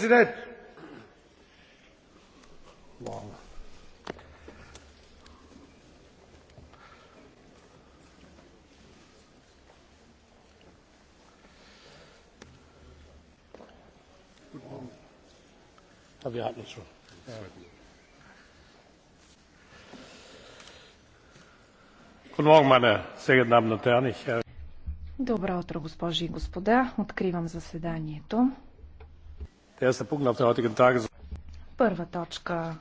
Президент! Wir hatten es schon. Guten Morgen, meine sehr geehrten Damen und Herren. Добро утро, госпожи и господа. Откривам заседанието. Първа точка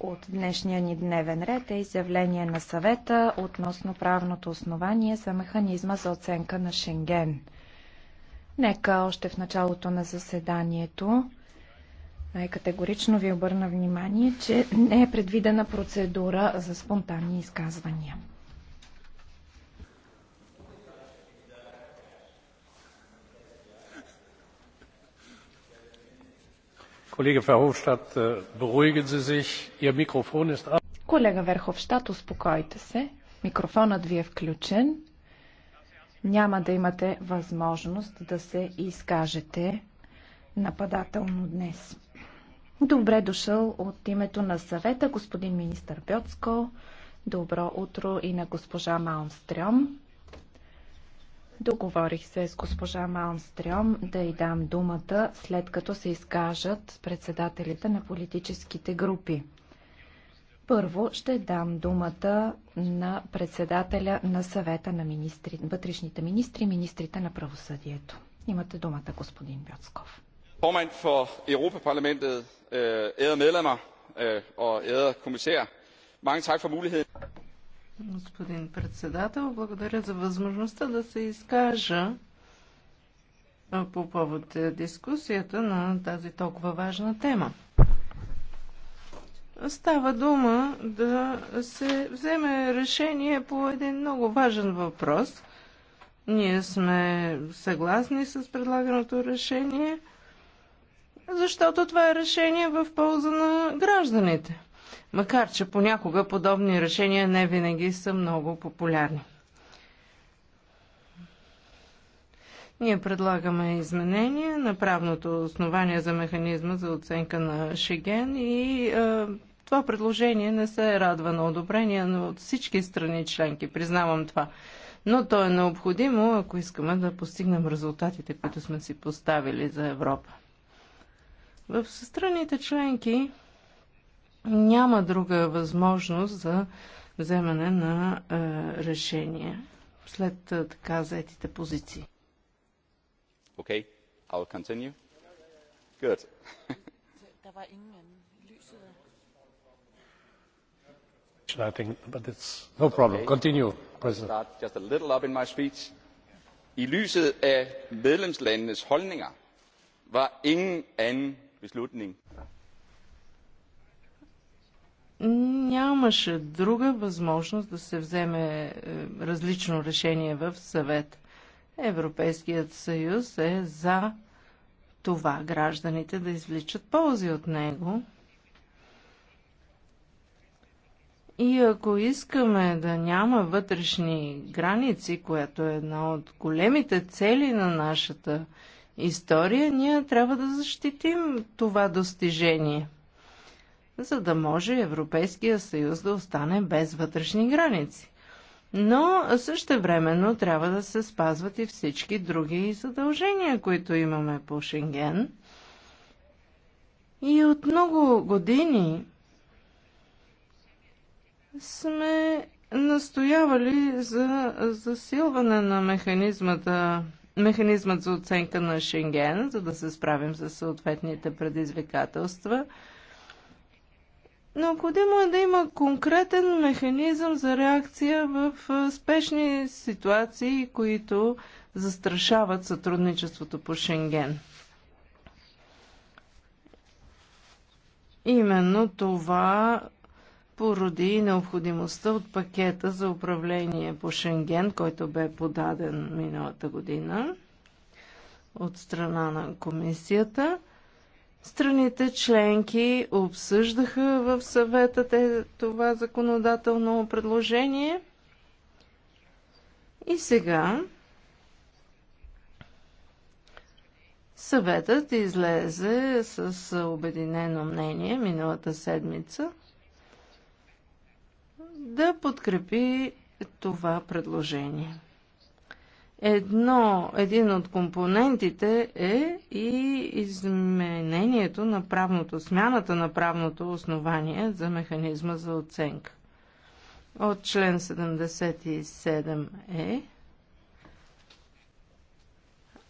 от днешния ни дневен ред е изявление на съвета относно правното основание за механизма за оценка на Шенген. Нека още в началото на заседанието най-категорично ви обърна внимание, че не е предвидена процедура за спонтанни изказвания. Колега Ферховщад, äh, beruhigen Sie sich, Ihr Mikrofon ist Колега Верховщад, успокойте се. Микрофонът ви е включен. Няма да имате възможност да се изкажете нападателно днес. Добре дошъл от името на съвета господин министър Бьоцко. Добро утро и на госпожа Маунстрём. Договорих се с госпожа Малмстрем да й дам думата, след като се изкажат председателите на политическите групи. Първо ще дам думата на председателя на съвета на министри, вътрешните министри, министрите на правосъдието. Имате думата, господин Бяцков. Формand øh, Mange tak for muligheden господин председател. Благодаря за възможността да се изкажа по повод е, дискусията на тази толкова важна тема. Става дума да се вземе решение по един много важен въпрос. Ние сме съгласни с предлаганото решение, защото това е решение в полза на гражданите – макар че понякога подобни решения не винаги са много популярни. Ние предлагаме изменения на правното основание за механизма за оценка на Шеген и е, това предложение не се радва на одобрение но от всички страни членки, признавам това. Но то е необходимо, ако искаме да постигнем резултатите, които сме си поставили за Европа. В страните членки няма друга възможност за вземане на е, решение след е, така заетите позиции. Okay, I'll continue. Good. I think, but it's no problem. Okay. Continue, President. Start just a little up in my speech. I lyset af medlemslandenes holdninger var ingen anden beslutning нямаше друга възможност да се вземе е, различно решение в съвет. Европейският съюз е за това гражданите да извличат ползи от него. И ако искаме да няма вътрешни граници, което е една от големите цели на нашата история, ние трябва да защитим това достижение – за да може Европейския съюз да остане без вътрешни граници. Но същевременно трябва да се спазват и всички други задължения, които имаме по Шенген. И от много години сме настоявали за засилване на механизмата, механизмат за оценка на Шенген, за да се справим с съответните предизвикателства – Необходимо е да има конкретен механизъм за реакция в спешни ситуации, които застрашават сътрудничеството по Шенген. Именно това породи необходимостта от пакета за управление по Шенген, който бе подаден миналата година от страна на комисията – Страните членки обсъждаха в съвета те, това законодателно предложение. И сега съветът излезе с обединено мнение миналата седмица да подкрепи това предложение. Едно, един от компонентите е и изменението на правното, смяната на правното основание за механизма за оценка. От член 77 е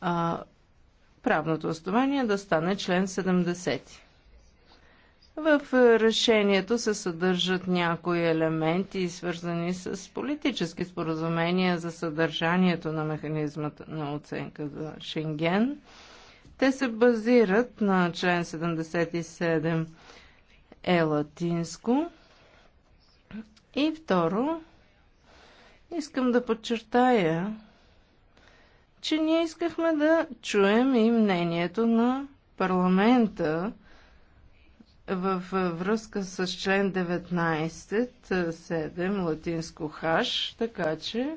а, правното основание да стане член 70. В решението се съдържат някои елементи, свързани с политически споразумения за съдържанието на механизмата на оценка за Шенген. Те се базират на член 77 е латинско. И второ, искам да подчертая, че ние искахме да чуем и мнението на парламента, в връзка с член 19.7 латинско хаш, така че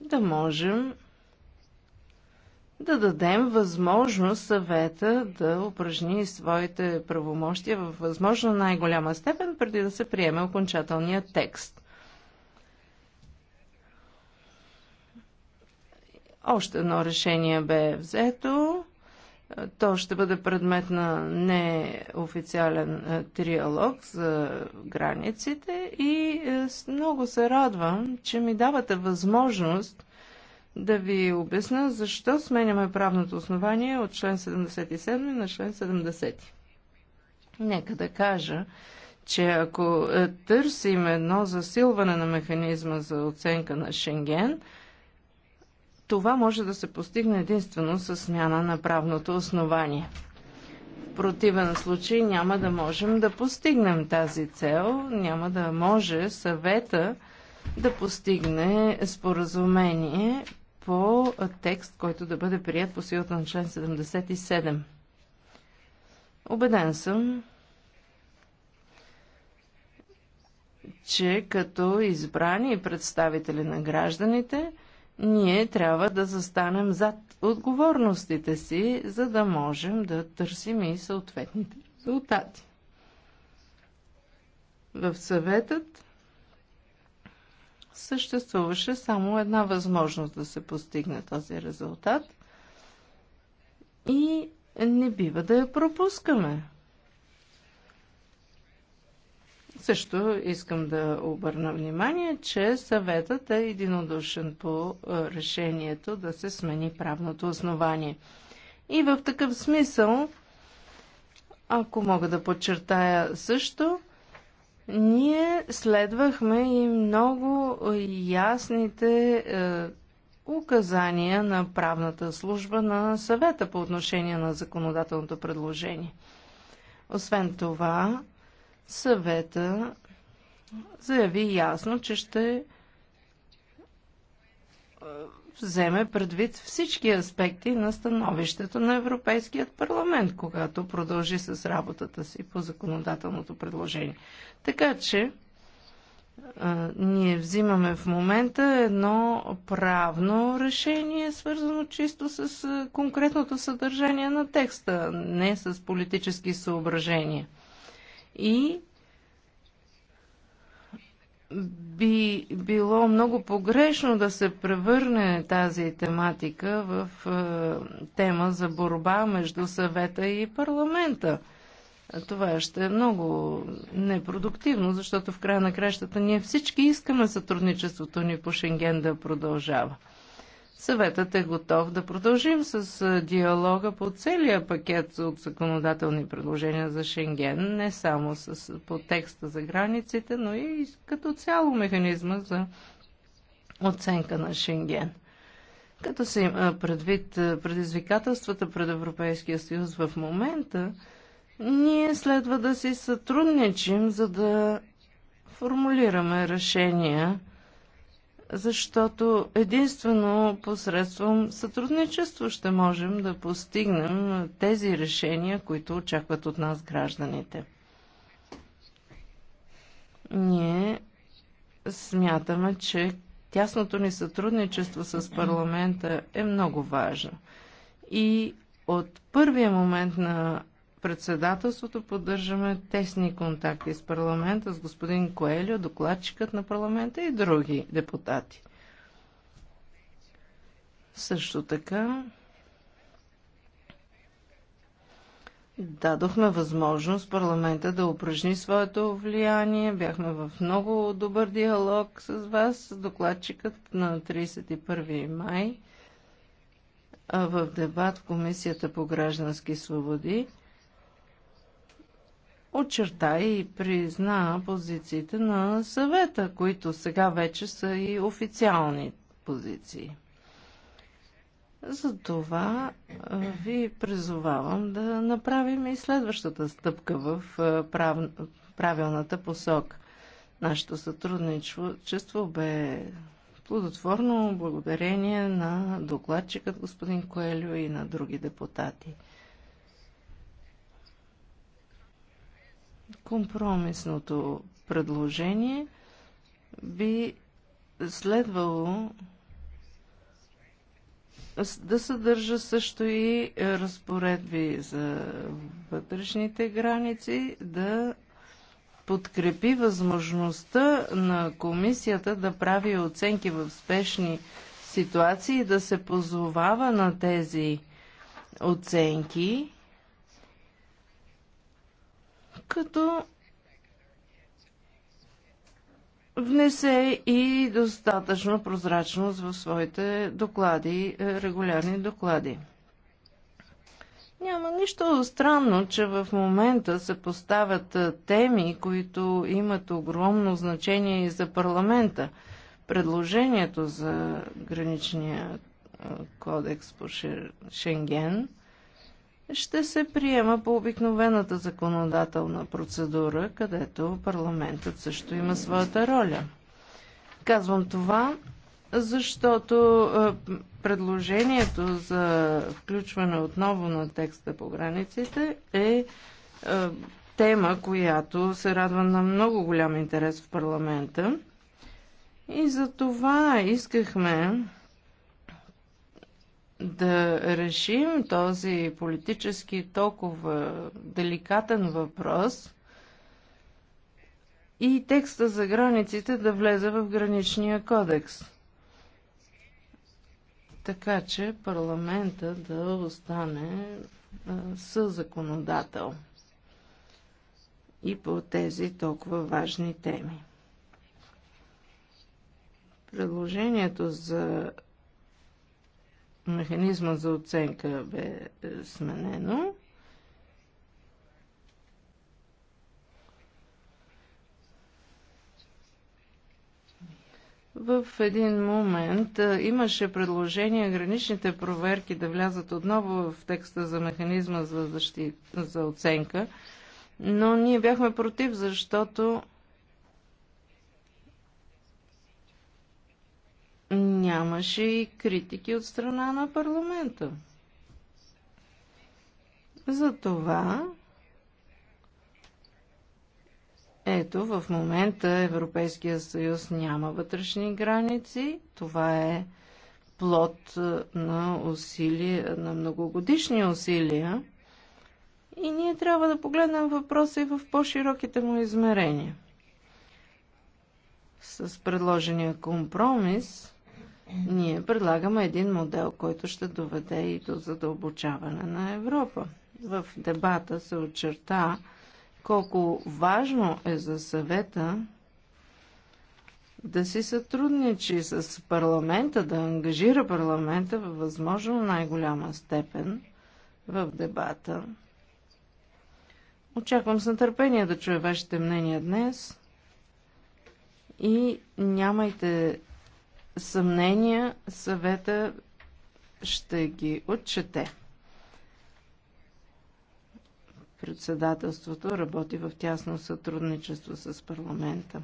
да можем да дадем възможност съвета да упражни своите правомощия в възможно най-голяма степен, преди да се приеме окончателният текст. Още едно решение бе взето е, то ще бъде предмет на неофициален е, триалог за границите и е, много се радвам, че ми давате възможност да ви обясна защо сменяме правното основание от член 77 на член 70. Нека да кажа, че ако търсим едно засилване на механизма за оценка на Шенген – това може да се постигне единствено с смяна на правното основание. В противен случай няма да можем да постигнем тази цел, няма да може съвета да постигне споразумение по текст, който да бъде прият по силата на член 77. Обеден съм, че като избрани представители на гражданите – ние трябва да застанем зад отговорностите си, за да можем да търсим и съответните резултати. В съветът съществуваше само една възможност да се постигне този резултат и не бива да я пропускаме. Също искам да обърна внимание, че съветът е единодушен по е, решението да се смени правното основание. И в такъв смисъл, ако мога да подчертая също, ние следвахме и много ясните е, указания на правната служба на съвета по отношение на законодателното предложение. Освен това, съвета заяви ясно, че ще е, вземе предвид всички аспекти на становището на Европейският парламент, когато продължи с работата си по законодателното предложение. Така че а, е, ние взимаме в момента едно правно решение, свързано чисто с е, конкретното съдържание на текста, не с политически съображения и би било много погрешно да се превърне тази тематика в е, тема за борба между съвета и парламента. Това ще е много непродуктивно, защото в края на кращата ние всички искаме сътрудничеството ни по Шенген да продължава. Съветът е готов да продължим с диалога по целия пакет от законодателни предложения за Шенген, не само с, по текста за границите, но и като цяло механизма за оценка на Шенген. Като се има предвид предизвикателствата пред Европейския съюз в момента, ние следва да си сътрудничим, за да формулираме решения – защото единствено посредством сътрудничество ще можем да постигнем тези решения, които очакват от нас гражданите. Ние смятаме, че тясното ни сътрудничество с парламента е много важно. И от първия момент на председателството поддържаме тесни контакти с парламента, с господин Коелио, докладчикът на парламента и други депутати. Също така дадохме възможност парламента да упражни своето влияние. Бяхме в много добър диалог с вас, докладчикът на 31 май в дебат в Комисията по граждански свободи очерта и призна позициите на съвета, които сега вече са и официални позиции. Затова ви призовавам да направим и следващата стъпка в прав... правилната посока. Нашето сътрудничество бе плодотворно благодарение на докладчикът господин Коелю и на други депутати. Компромисното предложение би следвало да съдържа също и разпоредби за вътрешните граници, да подкрепи възможността на комисията да прави оценки в спешни ситуации и да се позовава на тези оценки като внесе и достатъчно прозрачност в своите доклади, е, регулярни доклади. Няма нищо странно, че в момента се поставят е, теми, които имат огромно значение и за парламента. Предложението за граничния е, кодекс по Шенген – ще се приема по обикновената законодателна процедура, където парламентът също има своята роля. Казвам това, защото е, предложението за включване отново на текста по границите е, е тема, която се радва на много голям интерес в парламента. И за това искахме да решим този политически толкова деликатен въпрос и текста за границите да влезе в граничния кодекс. Така че парламента да остане със законодател и по тези толкова важни теми. Предложението за механизма за оценка бе е, сменено. В един момент е, имаше предложение граничните проверки да влязат отново в текста за механизма за, защит, за оценка, но ние бяхме против, защото Нямаше и критики от страна на парламента. Затова ето в момента Европейския съюз няма вътрешни граници. Това е плод на усилия, на многогодишни усилия. И ние трябва да погледнем въпроса и в по-широките му измерения. С предложения компромис ние предлагаме един модел, който ще доведе и до задълбочаване на Европа. В дебата се очерта колко важно е за съвета да си сътрудничи с парламента, да ангажира парламента във възможно най-голяма степен в дебата. Очаквам с нетърпение да чуя вашите мнения днес и нямайте съмнения, съвета ще ги отчете. Председателството работи в тясно сътрудничество с парламента.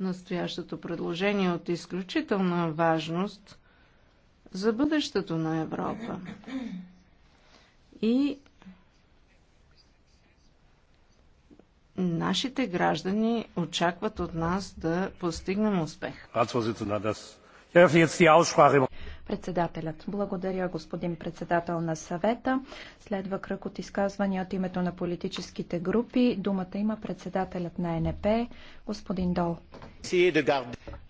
Настоящото предложение е от изключителна важност за бъдещето на Европа и Нашите граждани очакват от нас да постигнем успех. Председателят. Благодаря, господин председател на съвета. Следва кръг от изказвания от името на политическите групи. Думата има председателят на НП, господин Дол.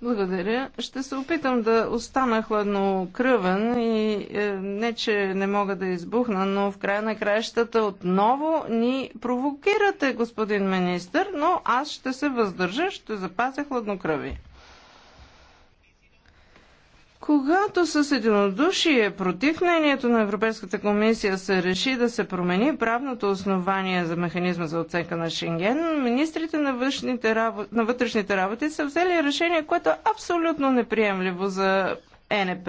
Благодаря. Ще се опитам да остана хладнокръвен и е, не, че не мога да избухна, но в края на краищата отново ни провокирате, господин министр, но аз ще се въздържа, ще запазя хладнокръвие. Когато с единодушие против мнението на Европейската комисия се реши да се промени правното основание за механизма за оценка на Шенген, министрите на, работи, на вътрешните работи са взели решение, което е абсолютно неприемливо за НП.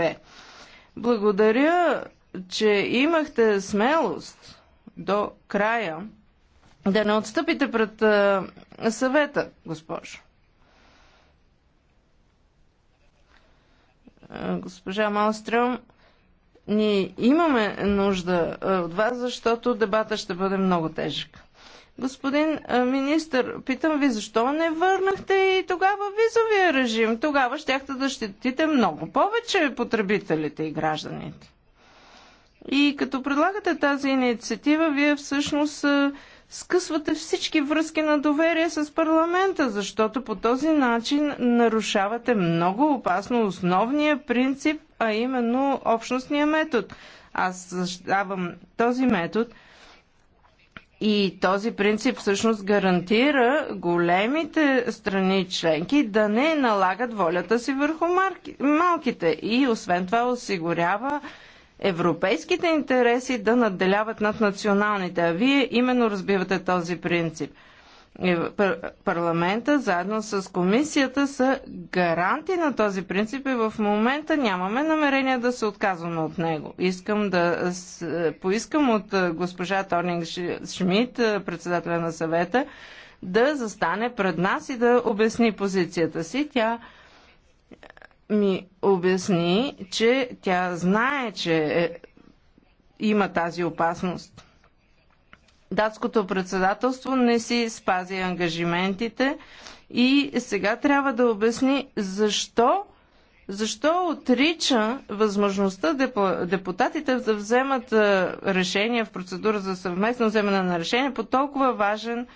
Благодаря, че имахте смелост до края да не отстъпите пред съвета, госпожо. госпожа Малстрем, ние имаме нужда от вас, защото дебата ще бъде много тежък. Господин министр, питам ви, защо не върнахте и тогава визовия режим? Тогава щяхте да щетите много повече потребителите и гражданите. И като предлагате тази инициатива, вие всъщност скъсвате всички връзки на доверие с парламента, защото по този начин нарушавате много опасно основния принцип, а именно общностния метод. Аз защитавам този метод и този принцип всъщност гарантира големите страни членки да не налагат волята си върху марки, малките и освен това осигурява европейските интереси да надделяват над националните. А вие именно разбивате този принцип. Парламента заедно с комисията са гаранти на този принцип и в момента нямаме намерение да се отказваме от него. Искам да поискам от госпожа Торнинг Шмидт, председателя на съвета, да застане пред нас и да обясни позицията си. Тя ми обясни, че тя знае, че е, има тази опасност. Датското председателство не си спази ангажиментите и сега трябва да обясни защо защо отрича възможността депутатите да вземат е, решение в процедура за съвместно вземане на решение по толкова важен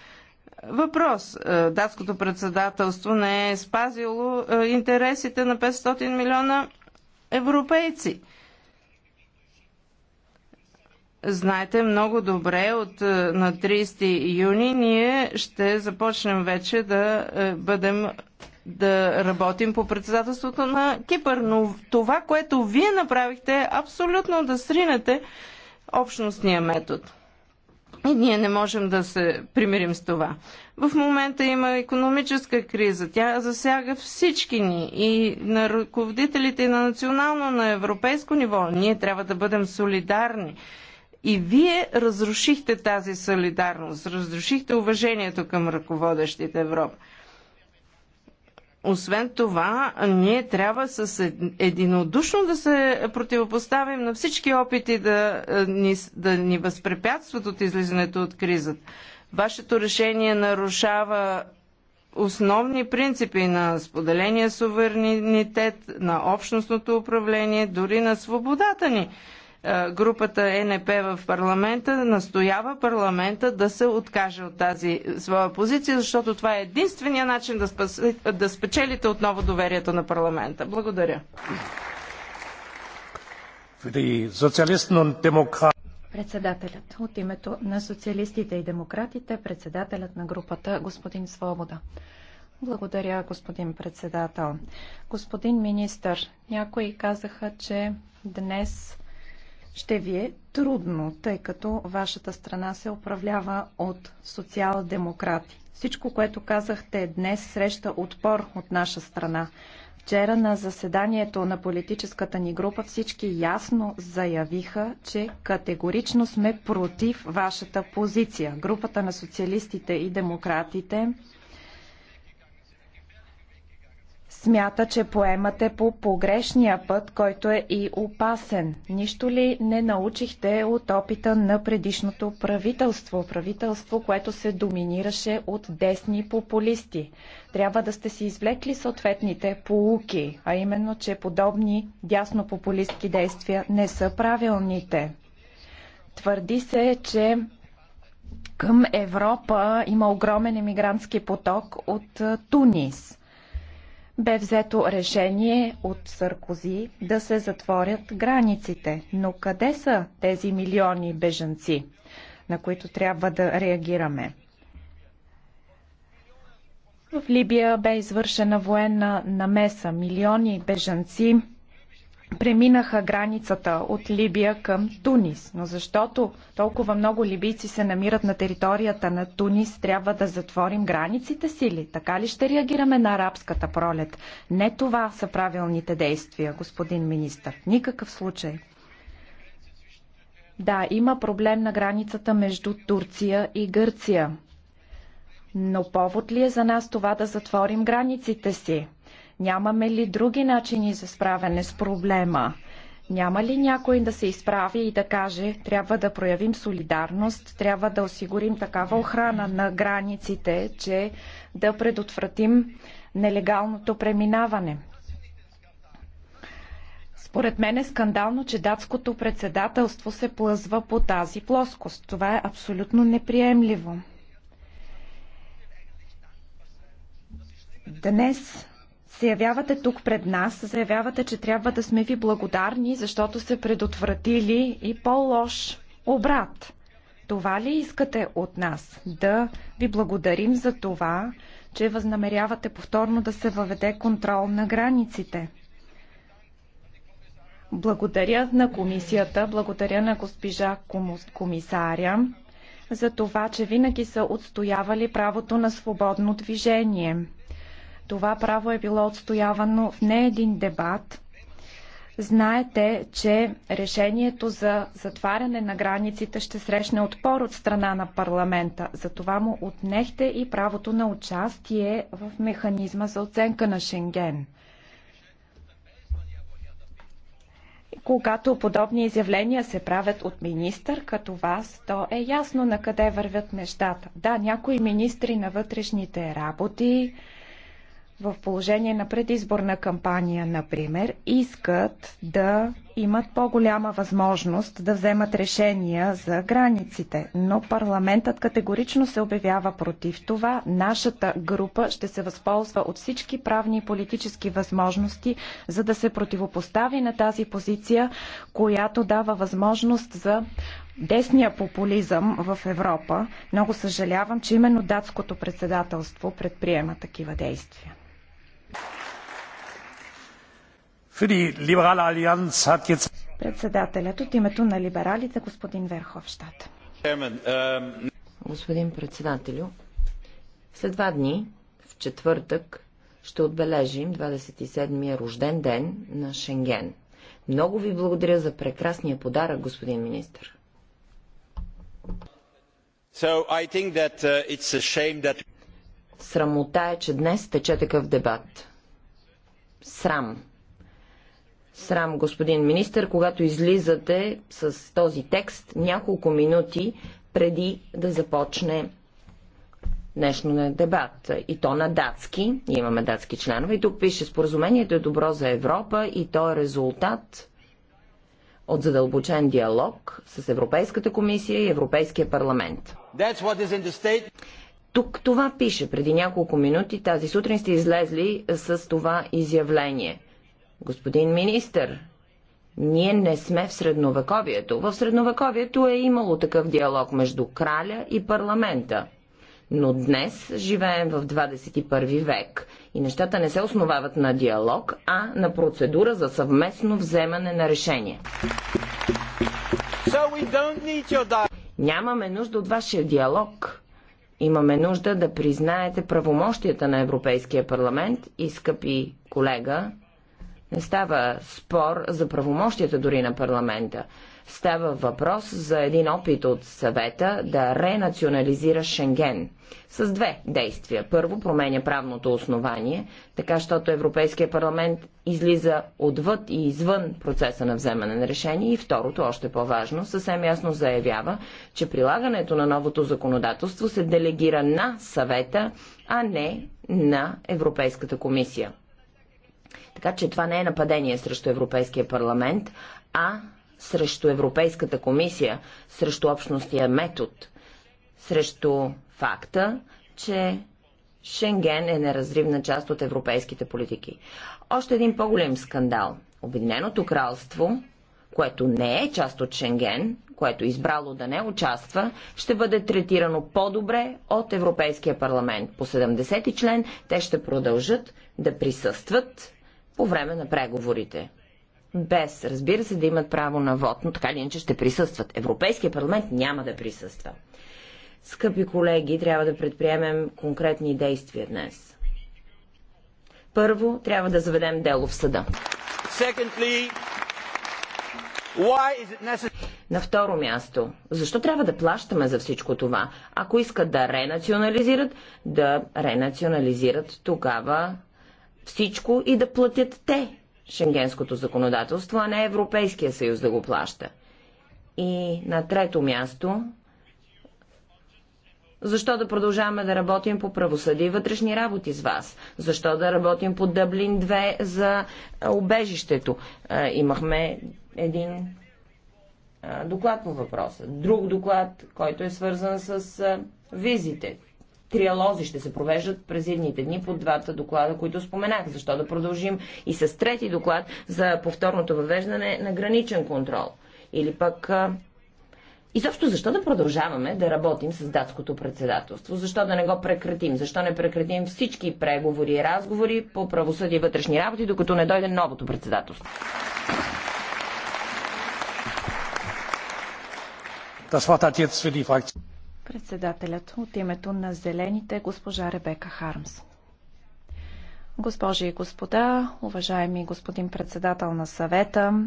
Въпрос. Е, датското председателство не е спазило е, интересите на 500 милиона европейци. Знаете много добре, от, е, на 30 юни ние ще започнем вече да бъдем да работим по председателството на Кипър. Но това, което вие направихте, е абсолютно да сринете общностния метод. И ние не можем да се примирим с това. В момента има економическа криза. Тя засяга всички ни и на ръководителите и на национално, на европейско ниво. Ние трябва да бъдем солидарни. И вие разрушихте тази солидарност, разрушихте уважението към ръководещите Европа. Освен това, ние трябва с единодушно да се противопоставим на всички опити да е, ни, да ни възпрепятстват от излизането от кризата. Вашето решение нарушава основни принципи на споделения суверенитет, на общностното управление, дори на свободата ни е, групата е НП в парламента настоява парламента да се откаже от тази своя позиция, защото това е единствения начин да, спас... да спечелите отново доверието на парламента. Благодаря. Председателят от името на социалистите и демократите, председателят на групата господин Свобода. Благодаря, господин председател. Господин министър, някои казаха, че днес ще ви е трудно, тъй като вашата страна се управлява от социал-демократи. Всичко, което казахте днес, среща отпор от наша страна. Вчера на заседанието на политическата ни група всички ясно заявиха, че категорично сме против вашата позиция. Групата на социалистите и демократите смята, че поемате по погрешния път, който е и опасен. Нищо ли не научихте от опита на предишното правителство? Правителство, което се доминираше от десни популисти. Трябва да сте си извлекли съответните полуки, а именно, че подобни дяснопопулистки действия не са правилните. Твърди се, че към Европа има огромен емигрантски поток от Тунис – бе взето решение от Саркози да се затворят границите. Но къде са тези милиони бежанци, на които трябва да реагираме? В Либия бе извършена военна намеса. Милиони бежанци преминаха границата от Либия към Тунис. Но защото толкова много либийци се намират на територията на Тунис, трябва да затворим границите си ли? Така ли ще реагираме на арабската пролет? Не това са правилните действия, господин министр. Никакъв случай. Да, има проблем на границата между Турция и Гърция. Но повод ли е за нас това да затворим границите си? Нямаме ли други начини за справяне с проблема? Няма ли някой да се изправи и да каже, трябва да проявим солидарност, трябва да осигурим такава охрана на границите, че да предотвратим нелегалното преминаване? Според мен е скандално, че датското председателство се плъзва по тази плоскост. Това е абсолютно неприемливо. Днес се явявате тук пред нас, заявявате, че трябва да сме ви благодарни, защото сте предотвратили и по-лош обрат. Това ли искате от нас? Да ви благодарим за това, че възнамерявате повторно да се въведе контрол на границите. Благодаря на комисията, благодаря на госпожа комисаря за това, че винаги са отстоявали правото на свободно движение. Това право е било отстоявано в не един дебат. Знаете, че решението за затваряне на границите ще срещне отпор от страна на парламента. Затова му отнехте и правото на участие в механизма за оценка на Шенген. Когато подобни изявления се правят от министър като вас, то е ясно на къде вървят нещата. Да, някои министри на вътрешните работи в положение на предизборна кампания, например, искат да имат по-голяма възможност да вземат решения за границите. Но парламентът категорично се обявява против това. Нашата група ще се възползва от всички правни и политически възможности, за да се противопостави на тази позиция, която дава възможност за десния популизъм в Европа. Много съжалявам, че именно датското председателство предприема такива действия. Председателят от името на либералите, господин Верховщад. Um, господин председателю, след два дни, в четвъртък, ще отбележим 27-я рожден ден на Шенген. Много ви благодаря за прекрасния подарък, господин министр. So uh, that... Срамота е, че днес тече такъв дебат. Срам Срам, господин министр, когато излизате с този текст няколко минути преди да започне на дебат. И то на датски. имаме датски членове. И тук пише споразумението е добро за Европа и то е резултат от задълбочен диалог с Европейската комисия и Европейския парламент. Тук това пише. Преди няколко минути тази сутрин сте излезли с това изявление. Господин министър, ние не сме в средновековието. В средновековието е имало такъв диалог между краля и парламента. Но днес живеем в 21 век и нещата не се основават на диалог, а на процедура за съвместно вземане на решение. So Нямаме нужда от вашия диалог. Имаме нужда да признаете правомощията на Европейския парламент и, скъпи колега, не става спор за правомощията дори на парламента. Става въпрос за един опит от съвета да ренационализира Шенген. С две действия. Първо, променя правното основание, така щото Европейския парламент излиза отвъд и извън процеса на вземане на решение. И второто, още по-важно, съвсем ясно заявява, че прилагането на новото законодателство се делегира на съвета, а не на Европейската комисия. Така че това не е нападение срещу Европейския парламент, а срещу Европейската комисия, срещу общностия метод, срещу факта, че Шенген е неразривна част от европейските политики. Още един по голем скандал. Обединеното кралство, което не е част от Шенген, което е избрало да не участва, ще бъде третирано по-добре от Европейския парламент. По 70 член те ще продължат да присъстват по време на преговорите. Без, разбира се, да имат право на вод, но така ли иначе ще присъстват. Европейския парламент няма да присъства. Скъпи колеги, трябва да предприемем конкретни действия днес. Първо, трябва да заведем дело в съда. Secondly, на второ място, защо трябва да плащаме за всичко това? Ако искат да ренационализират, да ренационализират тогава всичко и да платят те шенгенското законодателство, а не Европейския съюз да го плаща. И на трето място, защо да продължаваме да работим по правосъди и вътрешни работи с вас? Защо да работим по Дъблин 2 за обежището? Имахме един доклад по въпроса. Друг доклад, който е свързан с визите триалози ще се провеждат през едните дни по двата доклада, които споменах. Защо да продължим и с трети доклад за повторното въвеждане на граничен контрол? Или пък и също защо да продължаваме да работим с датското председателство? Защо да не го прекратим? Защо не прекратим всички преговори и разговори по правосъдие и вътрешни работи, докато не дойде новото председателство? Das Wort hat jetzt für die Fraktion. Председателят от името на Зелените госпожа Ребека Хармс. Госпожи и господа, уважаеми господин председател на съвета,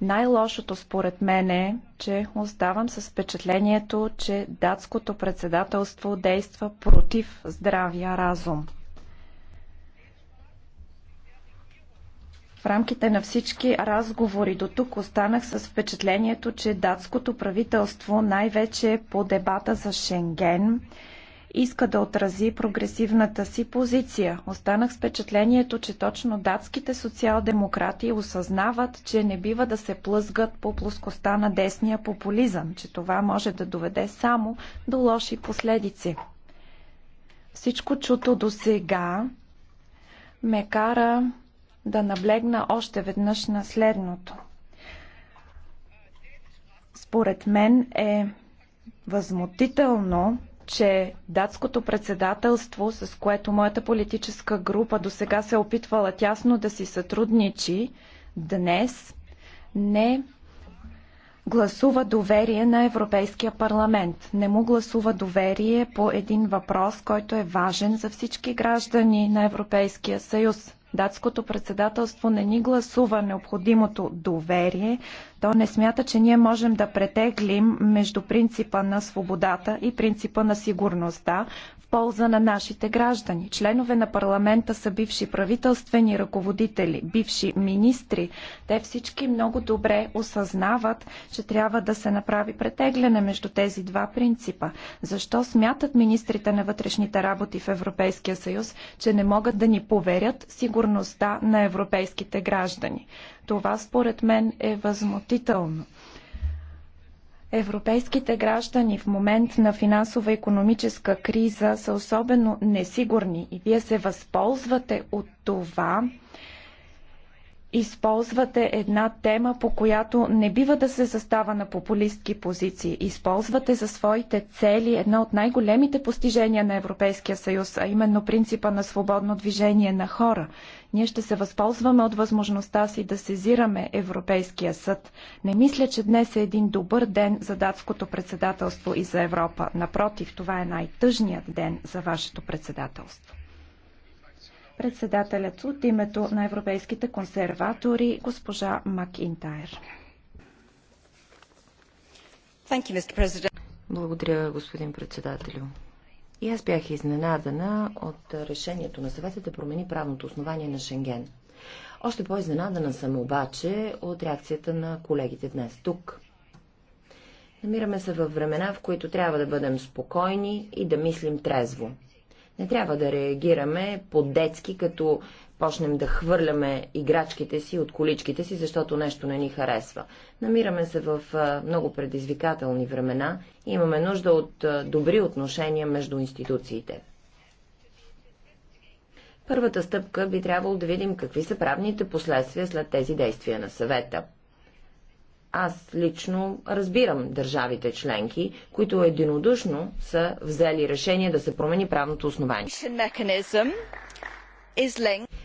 най-лошото според мен е, че оставам с впечатлението, че датското председателство действа против здравия разум. В рамките на всички разговори до тук останах с впечатлението, че датското правителство най-вече по дебата за Шенген иска да отрази прогресивната си позиция. Останах с впечатлението, че точно датските социал-демократи осъзнават, че не бива да се плъзгат по плоскостта на десния популизъм, че това може да доведе само до лоши последици. Всичко чуто до сега ме кара да наблегна още веднъж на следното. Според мен е възмутително, че датското председателство, с което моята политическа група до сега се е опитвала тясно да си сътрудничи, днес не гласува доверие на Европейския парламент. Не му гласува доверие по един въпрос, който е важен за всички граждани на Европейския съюз датското председателство не ни гласува необходимото доверие, то не смята, че ние можем да претеглим между принципа на свободата и принципа на сигурността полза на нашите граждани. Членове на парламента са бивши правителствени ръководители, бивши министри. Те всички много добре осъзнават, че трябва да се направи претегляне между тези два принципа. Защо смятат министрите на вътрешните работи в Европейския съюз, че не могат да ни поверят сигурността на европейските граждани? Това според мен е възмутително. Европейските граждани в момент на финансова економическа криза са особено несигурни и вие се възползвате от това използвате една тема, по която не бива да се застава на популистки позиции. Използвате за своите цели една от най-големите постижения на Европейския съюз, а именно принципа на свободно движение на хора. Ние ще се възползваме от възможността си да сезираме Европейския съд. Не мисля, че днес е един добър ден за датското председателство и за Европа. Напротив, това е най-тъжният ден за вашето председателство председателят от името на европейските консерватори госпожа Макинтайр. Благодаря, господин председателю. И аз бях изненадана от решението на съвета да промени правното основание на Шенген. Още по-изненадана съм обаче от реакцията на колегите днес тук. Намираме се във времена, в които трябва да бъдем спокойни и да мислим трезво. Не трябва да реагираме по-детски, като почнем да хвърляме играчките си от количките си, защото нещо не ни харесва. Намираме се в много предизвикателни времена и имаме нужда от добри отношения между институциите. Първата стъпка би трябвало да видим какви са правните последствия след тези действия на съвета. Аз лично разбирам държавите членки, които единодушно са взели решение да се промени правното основание.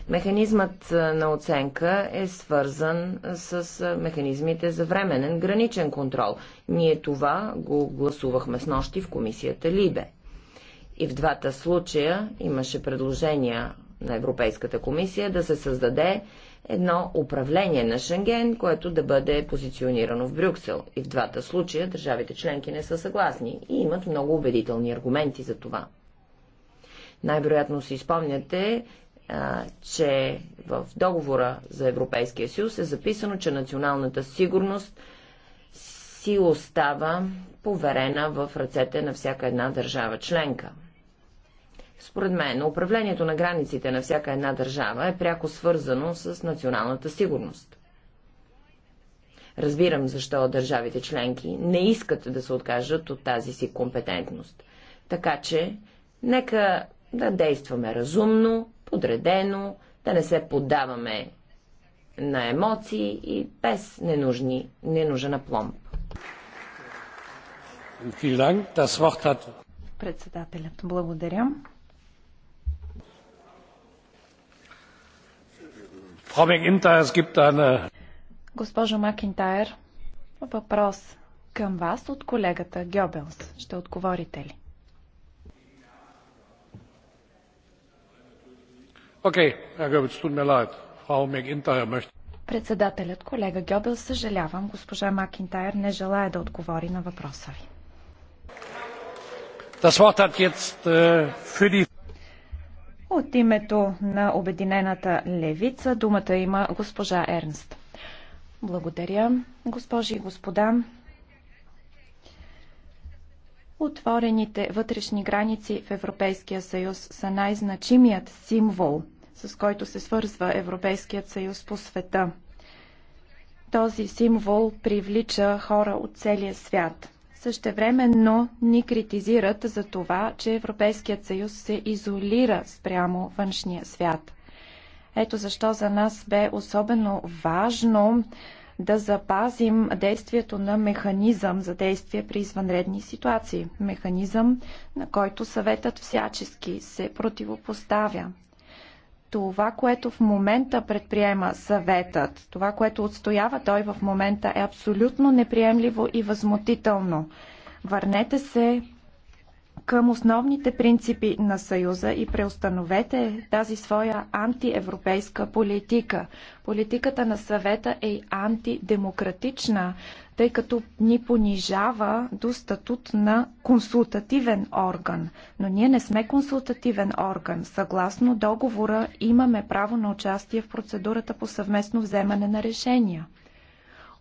Механизмът на оценка е свързан с механизмите за временен граничен контрол. Ние това го гласувахме с нощи в комисията Либе. И в двата случая имаше предложения на Европейската комисия да се създаде едно управление на Шенген, което да бъде позиционирано в Брюксел. И в двата случая държавите членки не са съгласни и имат много убедителни аргументи за това. Най-вероятно си спомняте, че в договора за Европейския съюз е записано, че националната сигурност си остава поверена в ръцете на всяка една държава членка. Според мен, управлението на границите на всяка една държава е пряко свързано с националната сигурност. Разбирам защо държавите членки не искат да се откажат от тази си компетентност. Така че, нека да действаме разумно, подредено, да не се поддаваме на емоции и без ненужни, ненужен пломб. Председателят, благодаря. Госпожо Макинтайр, въпрос към вас от колегата Гьобелс. Ще отговорите ли? Председателят, колега Гьобел, съжалявам, госпожа Макинтайр не желая да отговори на въпроса ви. Äh, от името на Обединената левица думата има госпожа Ернст. Благодаря, госпожи и господа. Отворените вътрешни граници в Европейския съюз са най-значимият символ, с който се свързва Европейският съюз по света. Този символ привлича хора от целия свят – Същевременно ни критизират за това, че Европейският съюз се изолира спрямо външния свят. Ето защо за нас бе особено важно да запазим действието на механизъм за действие при извънредни ситуации. Механизъм, на който съветът всячески се противопоставя това, което в момента предприема съветът, това, което отстоява той в момента е абсолютно неприемливо и възмутително. Върнете се към основните принципи на Съюза и преустановете тази своя антиевропейска политика. Политиката на съвета е антидемократична, тъй като ни понижава до статут на консултативен орган. Но ние не сме консултативен орган. Съгласно договора имаме право на участие в процедурата по съвместно вземане на решения.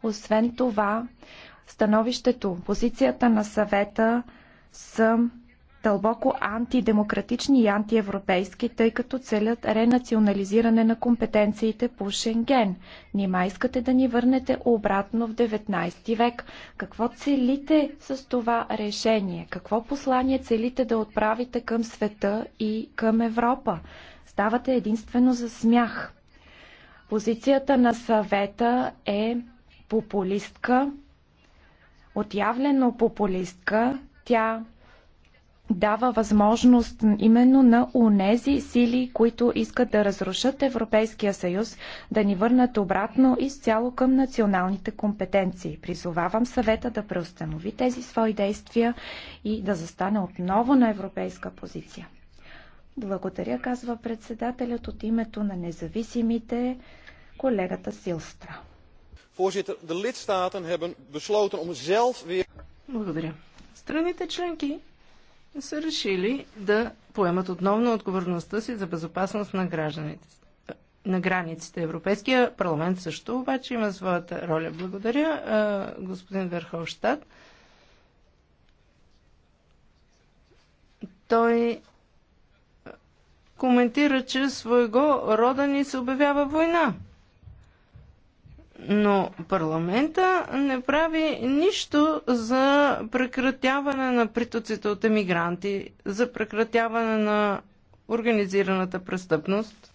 Освен това, становището, позицията на съвета са дълбоко антидемократични и антиевропейски, тъй като целят ренационализиране на компетенциите по Шенген. Нима искате да ни върнете обратно в 19 век. Какво целите с това решение? Какво послание целите да отправите към света и към Европа? Ставате единствено за смях. Позицията на съвета е популистка, отявлено популистка. Тя дава възможност именно на унези сили, които искат да разрушат Европейския съюз, да ни върнат обратно изцяло към националните компетенции. Призовавам съвета да преустанови тези свои действия и да застане отново на европейска позиция. Благодаря, казва председателят от името на независимите колегата Силстра. Благодаря. Страните членки са решили да поемат отново отговорността си за безопасност на гражданите на границите. Европейския парламент също обаче има своята роля. Благодаря, господин Верховщад. Той коментира, че своего рода ни се обявява война. Но парламента не прави нищо за прекратяване на притоците от емигранти, за прекратяване на организираната престъпност.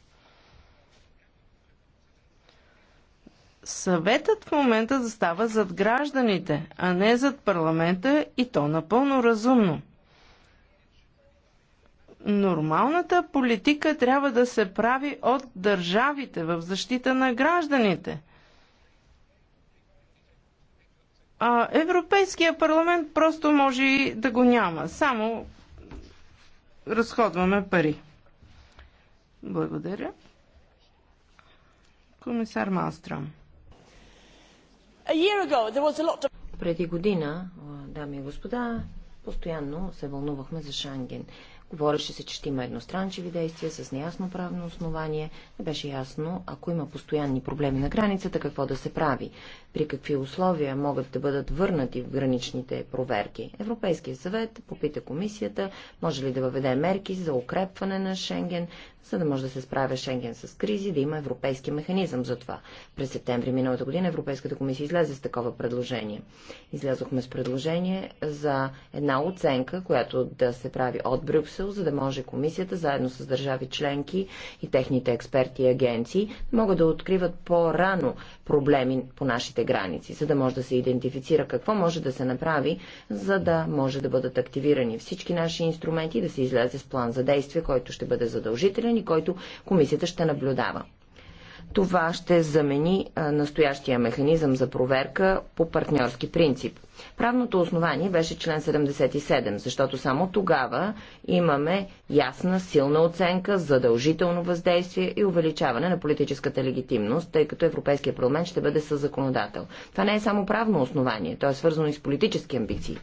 Съветът в момента застава зад гражданите, а не зад парламента и то напълно разумно. Нормалната политика трябва да се прави от държавите в защита на гражданите – А Европейския парламент просто може и да го няма. Само разходваме пари. Благодаря. Комисар Малстрам. Преди година, дами и господа, постоянно се вълнувахме за Шанген. Говореше се, че ще има едностранчиви действия с неясно правно основание. Не беше ясно, ако има постоянни проблеми на границата, какво да се прави, при какви условия могат да бъдат върнати в граничните проверки. Европейския съвет попита комисията, може ли да въведе мерки за укрепване на Шенген, за да може да се справя Шенген с кризи, да има европейски механизъм за това. През септември миналата година Европейската комисия излезе с такова предложение. Излязохме с предложение за една оценка, която да се прави от Брюксел, за да може комисията, заедно с държави членки и техните експерти и агенции, да могат да откриват по-рано проблеми по нашите граници, за да може да се идентифицира какво може да се направи, за да може да бъдат активирани всички наши инструменти и да се излезе с план за действие, който ще бъде задължителен орган и който комисията ще наблюдава. Това ще замени настоящия механизъм за проверка по партньорски принцип. Правното основание беше член 77, защото само тогава имаме ясна, силна оценка, задължително въздействие и увеличаване на политическата легитимност, тъй като Европейския парламент ще бъде със законодател. Това не е само правно основание, то е свързано и с политически амбиции.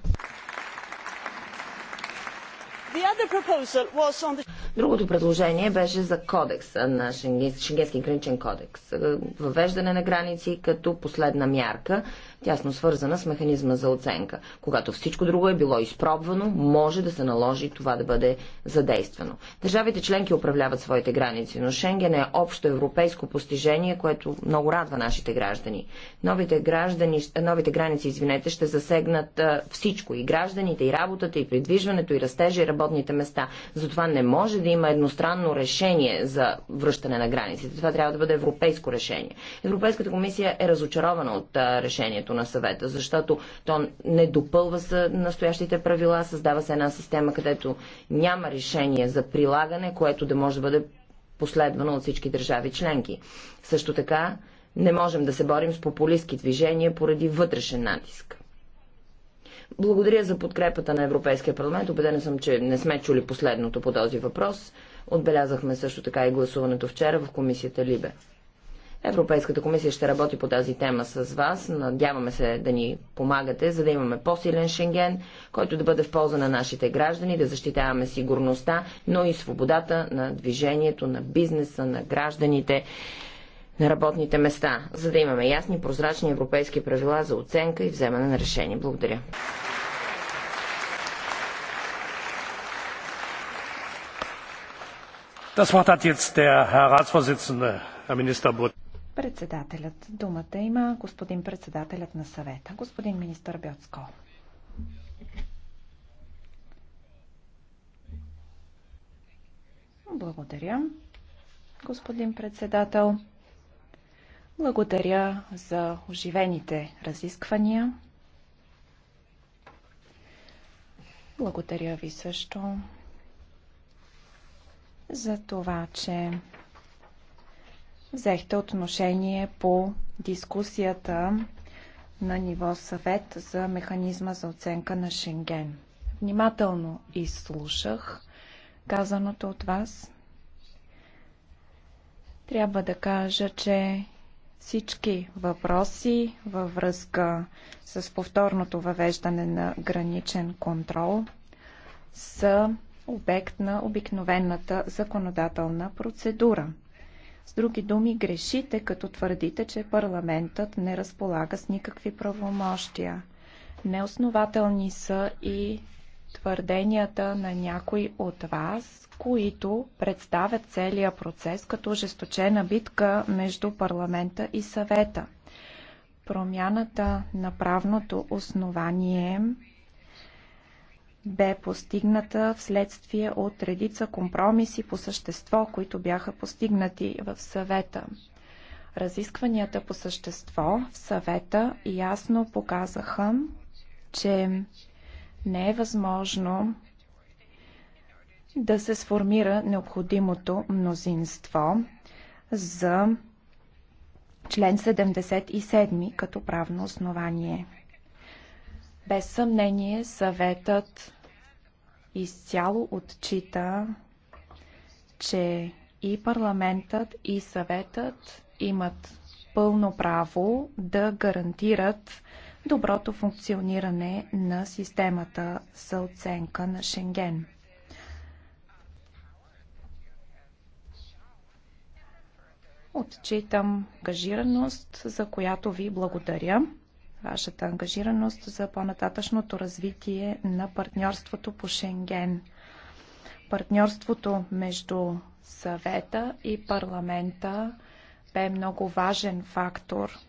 Другото предложение беше за кодекса на Шенгенски граничен кодекс. Е, въвеждане на граници като последна мярка, тясно свързана с механизма за оценка. Когато всичко друго е било изпробвано, може да се наложи това да бъде задействано. Държавите членки управляват своите граници, но Шенген е общо европейско постижение, което много радва нашите граждани. Новите, граждани, е, новите граници, извинете, ще засегнат е, всичко. И гражданите, и работата, и придвижването, и растежа, и работните населените места. Затова не може да има едностранно решение за връщане на границите. Това трябва да бъде европейско решение. Европейската комисия е разочарована от решението на съвета, защото то не допълва с настоящите правила, създава се една система, където няма решение за прилагане, което да може да бъде последвано от всички държави членки. Също така не можем да се борим с популистски движения поради вътрешен натиск. Благодаря за подкрепата на Европейския парламент. Обедена съм, че не сме чули последното по този въпрос. Отбелязахме също така и гласуването вчера в комисията Либе. Европейската комисия ще работи по тази тема с вас. Надяваме се да ни помагате, за да имаме по-силен Шенген, който да бъде в полза на нашите граждани, да защитаваме сигурността, но и свободата на движението, на бизнеса, на гражданите на работните места, за да имаме ясни, прозрачни европейски правила за оценка и вземане на решение. Благодаря. Председателят. Думата има господин председателят на съвета, господин министър Бьоцко. Благодаря, господин председател. Благодаря за оживените разисквания. Благодаря ви също за това, че взехте отношение по дискусията на ниво съвет за механизма за оценка на Шенген. Внимателно изслушах казаното от вас. Трябва да кажа, че всички въпроси във връзка с повторното въвеждане на граничен контрол са обект на обикновената законодателна процедура. С други думи, грешите, като твърдите, че парламентът не разполага с никакви правомощия. Неоснователни са и твърденията на някой от вас, които представят целия процес като жесточена битка между парламента и съвета. Промяната на правното основание бе постигната вследствие от редица компромиси по същество, които бяха постигнати в съвета. Разискванията по същество в съвета ясно показаха, че не е възможно да се сформира необходимото мнозинство за член 77 като правно основание. Без съмнение съветът изцяло отчита, че и парламентът, и съветът имат пълно право да гарантират доброто функциониране на системата за оценка на Шенген. Отчитам ангажираност, за която ви благодаря. Вашата ангажираност за по-нататъчното развитие на партньорството по Шенген. Партньорството между съвета и парламента бе много важен фактор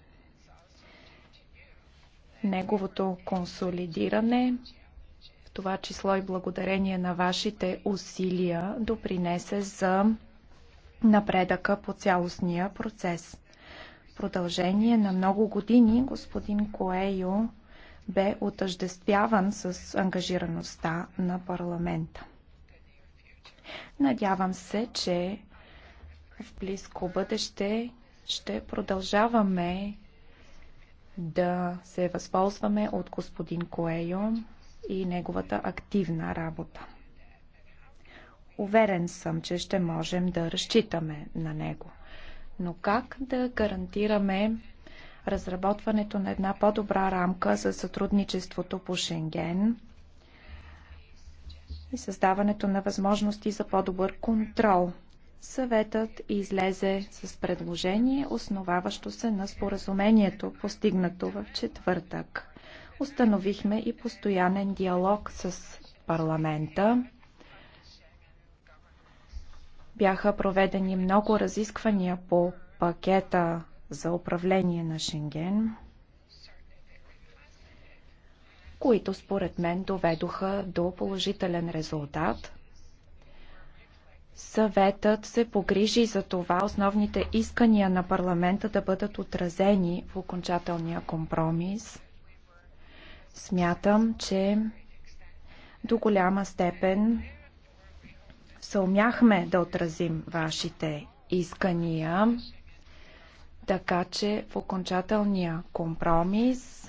неговото консолидиране, в това число и благодарение на вашите усилия, допринесе за напредъка по цялостния процес. В продължение на много години господин Коейо бе отъждествяван с ангажираността на парламента. Надявам се, че в близко бъдеще ще продължаваме да се възползваме от господин Коейо и неговата активна работа. Уверен съм, че ще можем да разчитаме на него. Но как да гарантираме разработването на една по-добра рамка за сътрудничеството по Шенген и създаването на възможности за по-добър контрол Съветът излезе с предложение, основаващо се на споразумението, постигнато в четвъртък. Установихме и постоянен диалог с парламента. Бяха проведени много разисквания по пакета за управление на Шенген, които според мен доведоха до положителен резултат – Съветът се погрижи за това основните искания на парламента да бъдат отразени в окончателния компромис. Смятам, че до голяма степен съумяхме да отразим вашите искания, така че в окончателния компромис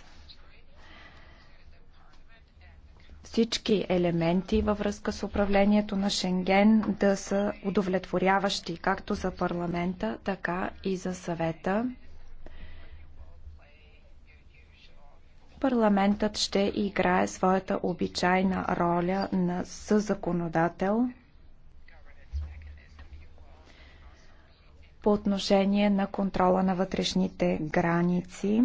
всички елементи във връзка с управлението на Шенген да са удовлетворяващи както за парламента, така и за съвета. Парламентът ще играе своята обичайна роля на съзаконодател по отношение на контрола на вътрешните граници,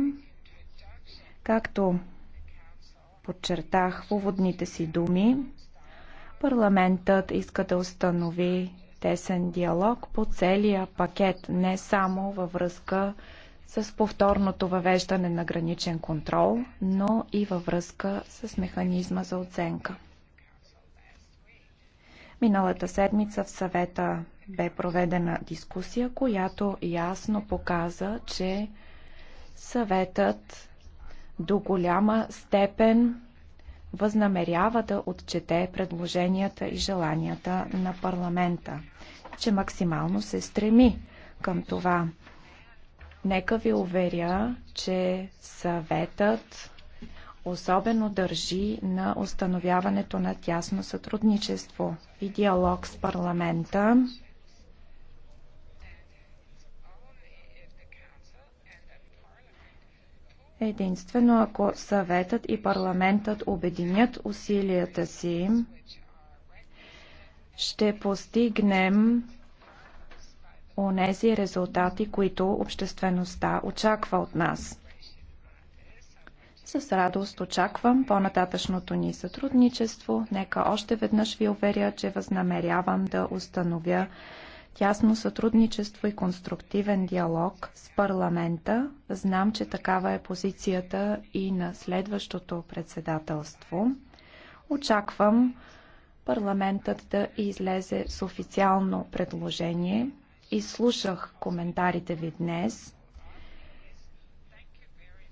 както подчертах в уводните си думи, парламентът иска да установи тесен диалог по целия пакет, не само във връзка с повторното въвеждане на граничен контрол, но и във връзка с механизма за оценка. Миналата седмица в съвета бе проведена дискусия, която ясно показа, че съветът до голяма степен възнамерява да отчете предложенията и желанията на парламента, че максимално се стреми към това. Нека ви уверя, че съветът особено държи на установяването на тясно сътрудничество и диалог с парламента единствено ако съветът и парламентът обединят усилията си, ще постигнем онези резултати, които обществеността очаква от нас. С радост очаквам по-нататъчното ни сътрудничество. Нека още веднъж ви уверя, че възнамерявам да установя тясно сътрудничество и конструктивен диалог с парламента. Знам, че такава е позицията и на следващото председателство. Очаквам парламентът да излезе с официално предложение. Изслушах коментарите ви днес.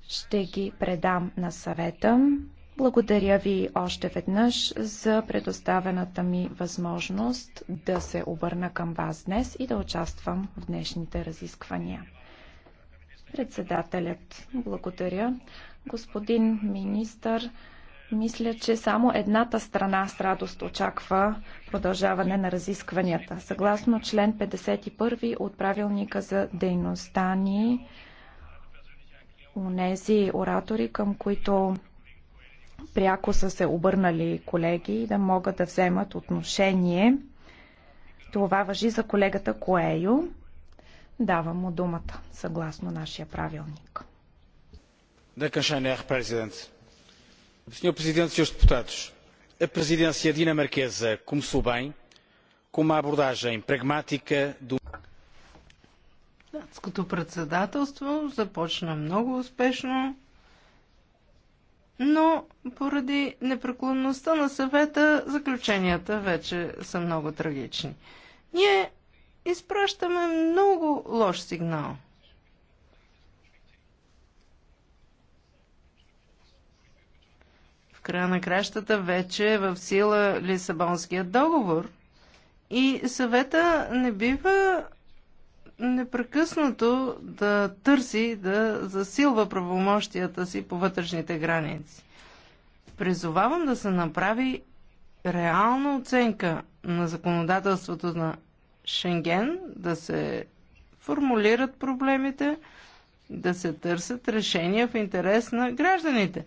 Ще ги предам на съвета. Благодаря ви още веднъж за предоставената ми възможност да се обърна към вас днес и да участвам в днешните разисквания. Председателят, благодаря. Господин министър, мисля, че само едната страна с радост очаква продължаване на разискванията. Съгласно член 51 от правилника за дейността ни, унези оратори, към които пряко са се обърнали колеги да могат да вземат отношение. Това въжи за колегата Коею. Давам му думата, съгласно нашия правилник. Senhor Presidente, senhores deputados, a presidência dinamarquesa começou bem, com uma abordagem pragmática do. Датското председателство започна много успешно но поради непреклонността на съвета заключенията вече са много трагични. Ние изпращаме много лош сигнал. В края на кращата вече е в сила Лисабонският договор и съвета не бива непрекъснато да търси да засилва правомощията си по вътрешните граници. Призовавам да се направи реална оценка на законодателството на Шенген, да се формулират проблемите, да се търсят решения в интерес на гражданите.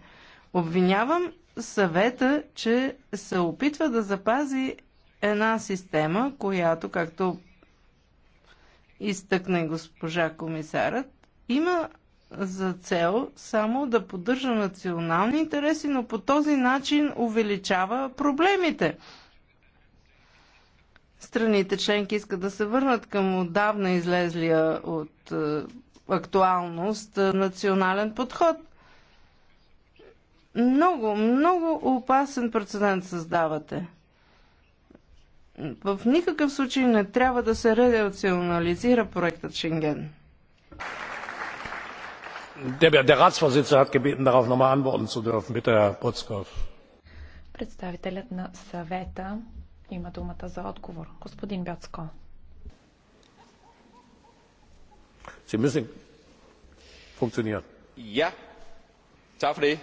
Обвинявам съвета, че се опитва да запази една система, която, както изтъкна и госпожа комисарът, има за цел само да поддържа национални интереси, но по този начин увеличава проблемите. Страните членки искат да се върнат към отдавна излезлия от е, актуалност е, национален подход. Много, много опасен прецедент създавате в никакъв случай не трябва да се реационализира проектът Шенген. Der, Ratsvorsitzende hat gebeten, darauf nochmal antworten zu dürfen. Bitte, Herr Putzkow. Представителят на съвета има думата за отговор. Господин Бяцко. Sie müssen funktionieren. Ja, tak for det,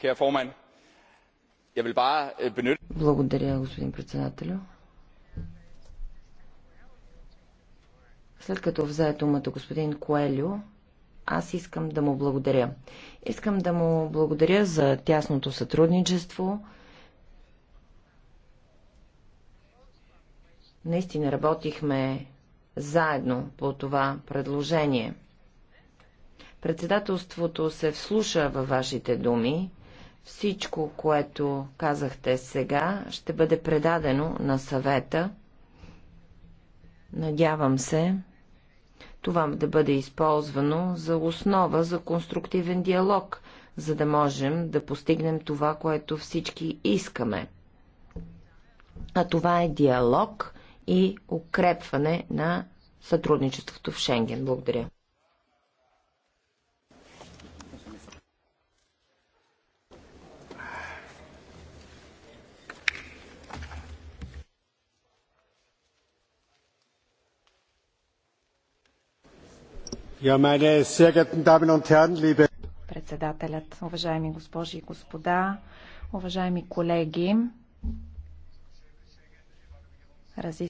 kære formand. Jeg vil bare øh, benytte... Благодаря, господин председателю. След като взе думата господин Коелю, аз искам да му благодаря. Искам да му благодаря за тясното сътрудничество. Наистина работихме заедно по това предложение. Председателството се вслуша във вашите думи. Всичко, което казахте сега, ще бъде предадено на съвета. Надявам се, това да бъде използвано за основа за конструктивен диалог, за да можем да постигнем това, което всички искаме. А това е диалог и укрепване на сътрудничеството в Шенген. Благодаря. Председателят, уважаеми госпожи и господа, уважаеми колеги,